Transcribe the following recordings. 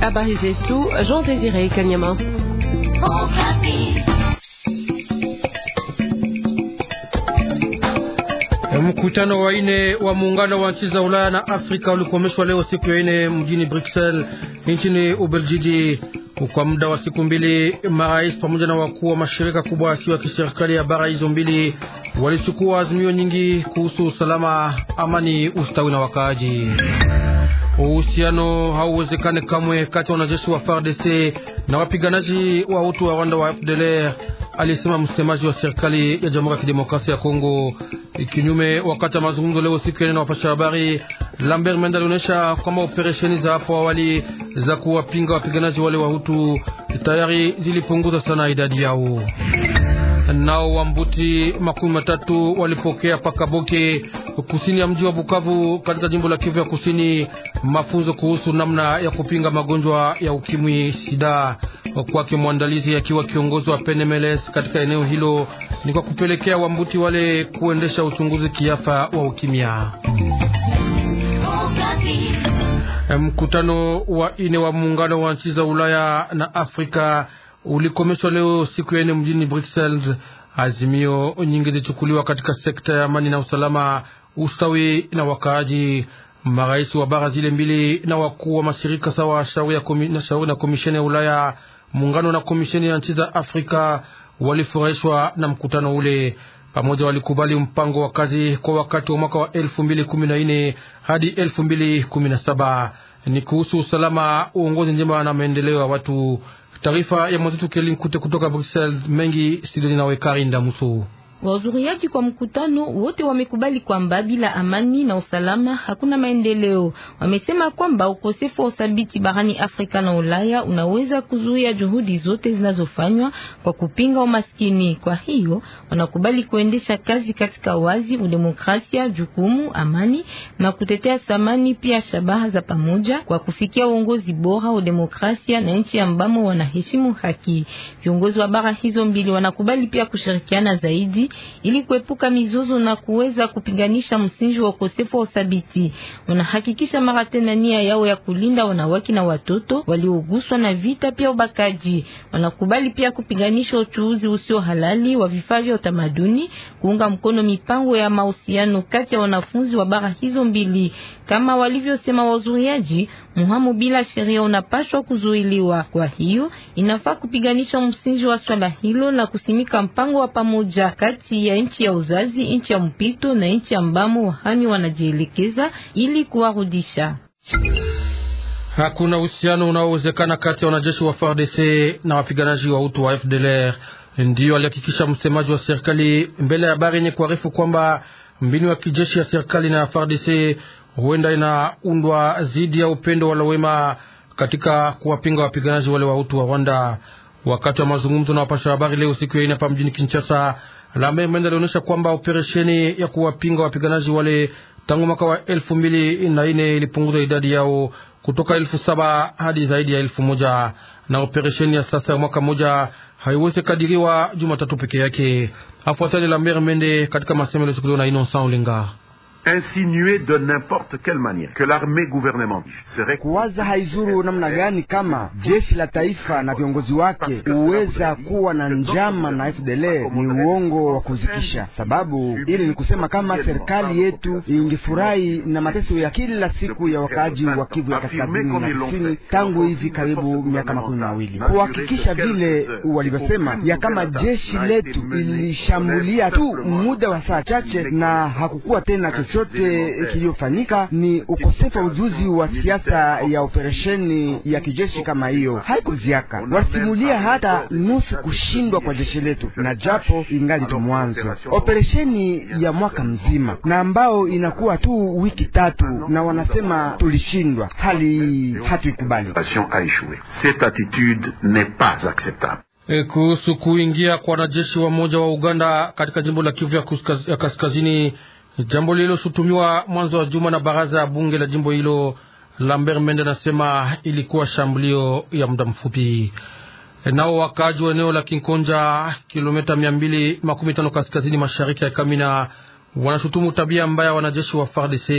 Habari zetu Jean Désiré Kanyama. Mkutano wa ine wa muungano wa nchi za Ulaya na Afrika ulikomeshwa leo siku ya ine mjini Bruxelles nchini Ubelgiji. Kwa muda wa siku mbili, marais pamoja na wakuu wa mashirika kubwa yasiyo ya kiserikali ya bara hizo mbili walichukua azimio nyingi kuhusu usalama, amani, ustawi na wakaaji. Uhusiano hauwezekane kamwe kati ya wanajeshi wa FARDC na wapiganaji wa utu wa Rwanda wa FDLR, alisema msemaji wa serikali ya Jamhuri ya Kidemokrasia ya Kongo. Kinyume, wakati wa mazungumzo leo siku ya na wapasha habari, Lambert Mende alionyesha kwamba operesheni za hapo awali za kuwapinga wapiganaji wale wa Hutu tayari zilipunguza sana idadi yao nao wambuti makumi matatu walipokea pakaboke kusini ya mji wa Bukavu katika jimbo la Kivu ya Kusini mafunzo kuhusu namna ya kupinga magonjwa ya ukimwi sida. Kwake mwandalizi akiwa kiongozi wa Penemeles katika eneo hilo ni kwa kupelekea wambuti wale kuendesha uchunguzi kiafa wa ukimya. Mkutano wa ine wa muungano wa nchi za Ulaya na Afrika ulikomeshwa leo siku ya nne mjini Brussels. Azimio nyingi zilichukuliwa katika sekta ya amani na usalama, ustawi na wakaaji. Marais wa bara zile mbili na wakuu wa mashirika sawa shauri na komisheni ya Ulaya, muungano na komisheni ya nchi za Afrika walifurahishwa na mkutano ule. Pamoja walikubali mpango wa kazi kwa wakati wa mwaka wa 2014 hadi 2017 ni kuhusu usalama, uongozi njema na maendeleo ya watu. Taarifa ya mwenzetu Kelinkute kutoka Bruxelles mengi sidoni nawe Karinda Muso. Wazuriaji kwa mkutano wote wamekubali kwamba bila amani na usalama hakuna maendeleo. Wamesema kwamba ukosefu wa uthabiti barani Afrika na Ulaya unaweza kuzuia juhudi zote zinazofanywa kwa kupinga umaskini. Kwa hiyo wanakubali kuendesha kazi katika wazi, udemokrasia, jukumu, amani na kutetea thamani, pia shabaha za pamoja kwa kufikia uongozi bora, wa demokrasia na nchi ambamo wanaheshimu haki. Viongozi wa bara hizo mbili wanakubali pia kushirikiana zaidi ili kuepuka mizozo na kuweza kupiganisha msingi wa ukosefu wa uthabiti. Wanahakikisha mara tena nia yao ya kulinda wanawake na watoto walioguswa na vita, pia ubakaji. Wanakubali pia kupiganisha uchuuzi usio halali wa vifaa vya utamaduni, kuunga mkono mipango ya mahusiano kati ya wanafunzi wa bara hizo mbili. Kama walivyosema wazuriaji, muhamu bila sheria unapashwa kuzuiliwa. Kwa hiyo inafaa kupiganisha msingi wa swala hilo na kusimika mpango wa pamoja kati kati ya nchi ya uzazi, nchi ya mpito na nchi ambamo wahami wanajielekeza ili kuwarudisha. Hakuna uhusiano unaowezekana kati ya wanajeshi wa FARDC na wapiganaji wa utu wa FDLR, ndiyo alihakikisha msemaji wa serikali mbele ya habari yenye kuarifu kwamba mbinu ya kijeshi ya serikali na ya FARDC huenda inaundwa dhidi ya upendo walowema katika kuwapinga wapiganaji wale wa utu wa Rwanda. Wakati wa mazungumzo na wapasha habari leo siku ya ine hapa mjini Kinshasa, Lambert Mende alionyesha kwamba operesheni ya kuwapinga wapiganaji wale tangu mwaka wa elfu mbili na nne ilipunguza idadi yao kutoka elfu saba hadi zaidi ya elfu moja na operesheni ya sasa ya mwaka moja haiwezi kadiriwa Jumatatu peke yake. Afuatani Lambert Mende katika masemo yaliyochukuliwa na Innocent Olinga insinuer de n'importe quelle manière que l'armée gouvernementale serait kuwaza haizuru namna gani kama jeshi la taifa na viongozi wake huweza kuwa na njama na fdl ni uongo wa kuzikisha, sababu ili ni kusema kama serikali yetu ingefurahi na mateso ya kila siku ya wakaaji wa Kivu ya kaskazini na kusini tangu hivi karibu miaka makumi mawili, kuhakikisha vile walivyosema ya kama jeshi letu ilishambulia tu muda wa saa chache na hakukuwa tena chochote chote kiliyofanyika ni ukosefu wa ujuzi wa siasa ya operesheni ya kijeshi kama hiyo haikuziaka. wasimulia hata nusu kushindwa kwa jeshi letu, na japo ingali tu mwanzo operesheni ya mwaka mzima, na ambao inakuwa tu wiki tatu, na wanasema tulishindwa. Hali hatuikubali. Eh, kuhusu kuingia kwa wanajeshi wa moja wa Uganda katika jimbo la Kivu ya kaskazini jambo lililoshutumiwa mwanzo wa juma na baraza ya bunge la jimbo hilo. Lambert Mende anasema ilikuwa shambulio ya muda mfupi. Nao wakaaji wa eneo la Kinkonja, kilomita mia mbili makumi tano kaskazini mashariki ya Kamina, wanashutumu tabia mbaya wanajeshi wa FARDC.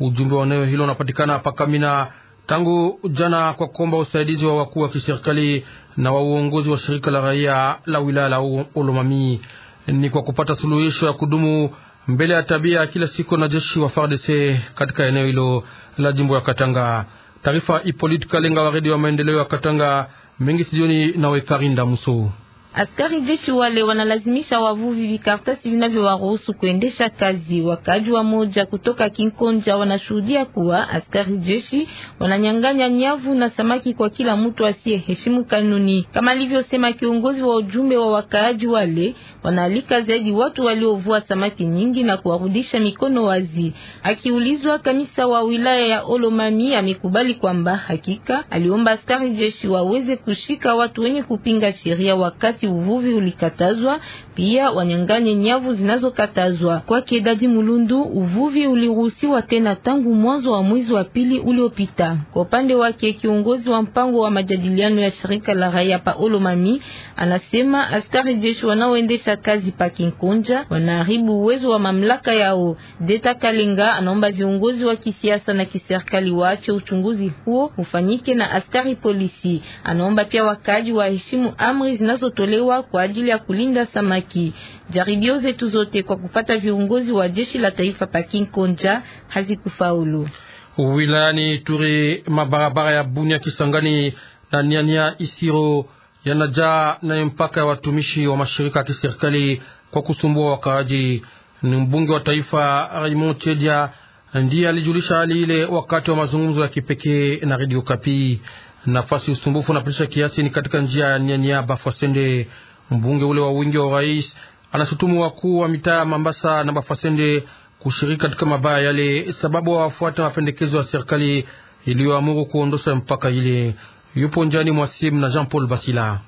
Ujumbe wa eneo hilo unapatikana hapa Kamina tangu jana kwa kuomba usaidizi wa wakuu wa kiserikali na wa uongozi wa shirika la raia la wilaya la Olomami ni kwa kupata suluhisho ya kudumu mbele ya tabia kila siku na jeshi wa FARDC katika eneo hilo la jimbo ya Katanga. Taarifa Ipolite Kalenga wa redio ya maendeleo ya Katanga mengi sijoni na wekarinda Muso. Askari jeshi wale wanalazimisha wavuvi vikartasi vinavyowaruhusu kuendesha kazi. Wakaji wa moja kutoka Kinkonja wanashuhudia kuwa askari jeshi wananyang'anya nyavu na samaki kwa kila mtu heshimu kanuni. Kama alivyosema kiongozi wa ujumbe wa wakaaji wale, wanaalika zaidi watu waliovua samaki nyingi na kuwarudisha mikono wazi. Akiulizwa, kamisa wa wilaya ya Olomami amekubali kwamba hakika aliomba askari jeshi waweze kushika watu wenye kupinga sheria wakati wakati uvuvi ulikatazwa, pia wanyanganye nyavu zinazokatazwa. Kwa Dadi Mulundu, uvuvi uliruhusiwa tena tangu mwanzo wa mwezi wa pili uliopita. Kwa upande wake, kiongozi wa mpango wa majadiliano ya shirika la raia Paolo Mami anasema askari jeshi wanaoendesha kazi pa Kinkonja wanaharibu uwezo wa mamlaka yao. Deta Kalinga anaomba viongozi wa kisiasa na kiserikali waache uchunguzi huo ufanyike na askari polisi. Anaomba pia wakaji waheshimu amri zinazotolewa kutolewa kwa ajili ya kulinda samaki. Jaribio zetu zote kwa kupata viongozi wa jeshi la taifa pa Kinkonja hazikufaulu. Wilayani Turi, mabarabara ya Bunia, Kisangani na Nyanya Isiro yanajaa na mpaka ya watumishi wa mashirika ya kiserikali kwa kusumbua wakaaji. Ni mbunge wa taifa Raymond Chedia ndiye alijulisha hali ile wakati wa mazungumzo ya kipekee na Radio Kapi. Nafasi usumbufu presha kiasi ni katika njia ya niaba. Fasende, mbunge ule wa wingi wa urais, anashutumu wakuu wa mitaa Mambasa na bafwasende kushiriki katika mabaya yale, sababu hawafuata mapendekezo ya serikali iliyoamuru kuondosha mpaka ile. Yupo njani mwasim na Jean Paul Basila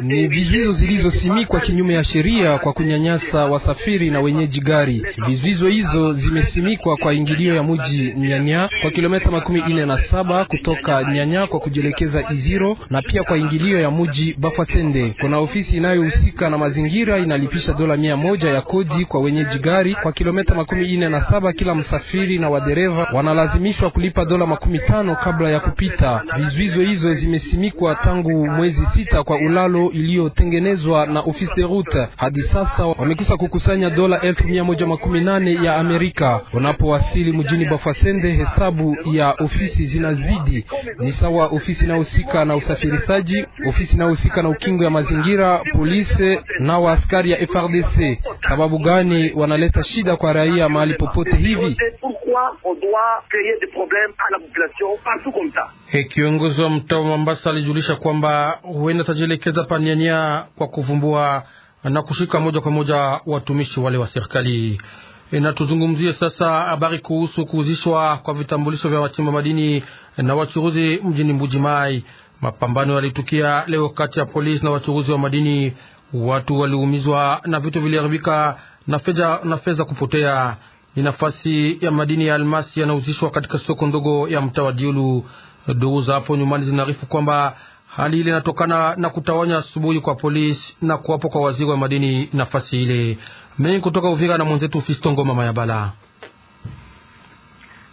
ni vizuizo zilizosimikwa kinyume ya sheria kwa kunyanyasa wasafiri na wenyeji gari. Vizuizo hizo zimesimikwa kwa ingilio ya mji Nyanya kwa kilomita makumi ine na saba kutoka Nyanya kwa kujielekeza Iziro, na pia kwa ingilio ya mji bafasende kuna ofisi inayohusika na mazingira inalipisha dola mia moja ya kodi kwa wenyeji gari kwa kilomita makumi ine na saba. Kila msafiri na wadereva wanalazimishwa kulipa dola makumi tano kabla ya kupita vizuizo hizo zimesimikwa tangu mwezi sita kwa ulalo iliyotengenezwa na ofisi de route. Hadi sasa wamekwisha kukusanya dola elfu mia moja makumi nane ya Amerika. Wanapowasili mjini Bafasende, hesabu ya ofisi zinazidi ni sawa: ofisi inayohusika na usafirishaji, ofisi inayohusika na ukingo ya mazingira, polisi na waaskari ya FRDC. Sababu gani wanaleta shida kwa raia mahali popote hivi? pourquoi on doit créer des problèmes à la population partout comme ça. Hey, kiongozi wa mtaa wa Mombasa alijulisha kwamba huenda tajielekeza paniania kwa kuvumbua na kushika moja kwa moja watumishi wale wa serikali. na tuzungumzie sasa habari kuhusu kuuzishwa kwa vitambulisho vya wachimba madini na wachuruzi mjini Mbujimai. Mapambano yalitukia leo kati ya polisi na wachuruzi wa madini. Watu waliumizwa na vitu viliharibika na fedha na fedha kupotea ni nafasi ya madini ya almasi yanauzishwa katika soko ndogo ya mtawa Diulu. Duru za hapo nyumbani zinaarifu kwamba hali ile inatokana na kutawanya asubuhi kwa polisi na kuwapo kwa waziri wa madini nafasi ile. Mengi kutoka Uvira na mwenzetu Fisto Ngoma Mayabala.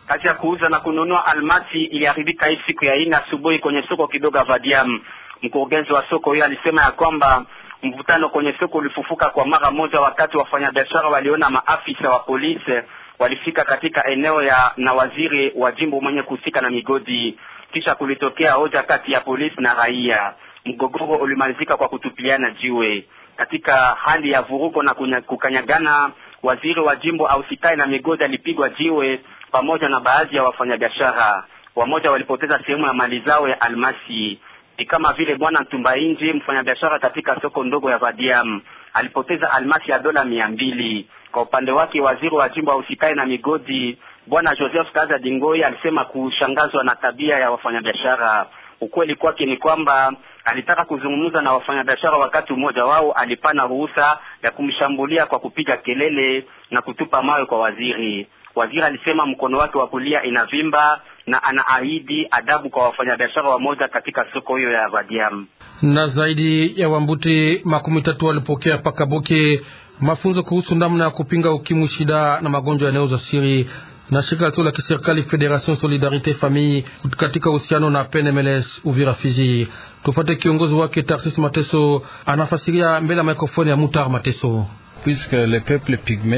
Kazi ya kuuza na kununua almasi iliharibika hii siku ya ine asubuhi kwenye soko kidogo Vadiam. Mkurugenzi wa soko hiyo alisema ya kwamba Mvutano kwenye soko ulifufuka kwa mara moja wakati wafanyabiashara waliona maafisa wa polisi walifika katika eneo ya na waziri wa jimbo mwenye kuhusika na migodi, kisha kulitokea hoja kati ya polisi na raia. Mgogoro ulimalizika kwa kutupiliana jiwe katika hali ya vurugo na kunya, kukanyagana. Waziri wa jimbo ausikae na migodi alipigwa jiwe pamoja na baadhi ya wafanyabiashara. Wamoja walipoteza sehemu ya mali zao ya almasi ni kama vile bwana Ntumbainji, mfanyabiashara katika soko ndogo ya Vadiam, alipoteza almasi ya dola mia mbili. Kwa upande wake, waziri wa jimbo usikae na migodi bwana Joseph Kaza Dingoi alisema kushangazwa na tabia ya wafanyabiashara. Ukweli kwake ni kwamba alitaka kuzungumza na wafanyabiashara, wakati mmoja wao alipana ruhusa ya kumshambulia kwa kupiga kelele na kutupa mawe kwa waziri. Waziri alisema mkono wake wa kulia inavimba na anaahidi adabu kwa wafanyabiashara wamoja katika soko hiyo ya Badiam. Na zaidi ya Wambuti makumi tatu walipokea Pakaboke mafunzo kuhusu namna ya kupinga ukimwi, shida na magonjwa za siri na shirika lisilo la kiserikali Federation Solidarite Famille katika uhusiano na PNMLS Uvira Fizi. Tufate kiongozi wake Tarsis Mateso anafasiria mbele ya mikrofoni ya Mutar Mateso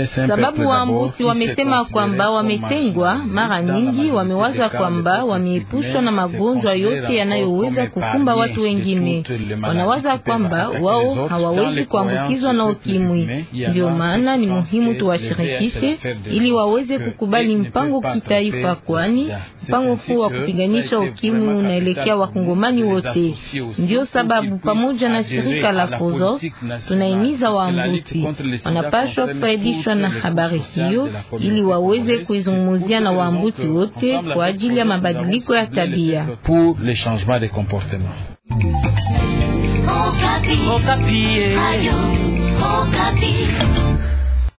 sababu waambuzi wamesema kwamba wametengwa, mara nyingi wamewaza kwamba wameepushwa na magonjwa yote yanayoweza kukumba watu wengine. Wanawaza kwamba wao hawawezi kuambukizwa na ukimwi. Ndio maana ni muhimu tuwashirikishe ili waweze kukubali mpango kitaifa, kwani mpango huu wa kupiganisha ukimwi unaelekea wakongomani wote. Ndio sababu pamoja na shirika la Fozo tunaimiza waambuzi wanapaswa kufaidishwa na habari hiyo ili waweze kuizungumzia na waambuti wote kwa ajili ya mabadiliko ya tabia. Okapi. Oh, Okapi. Oh,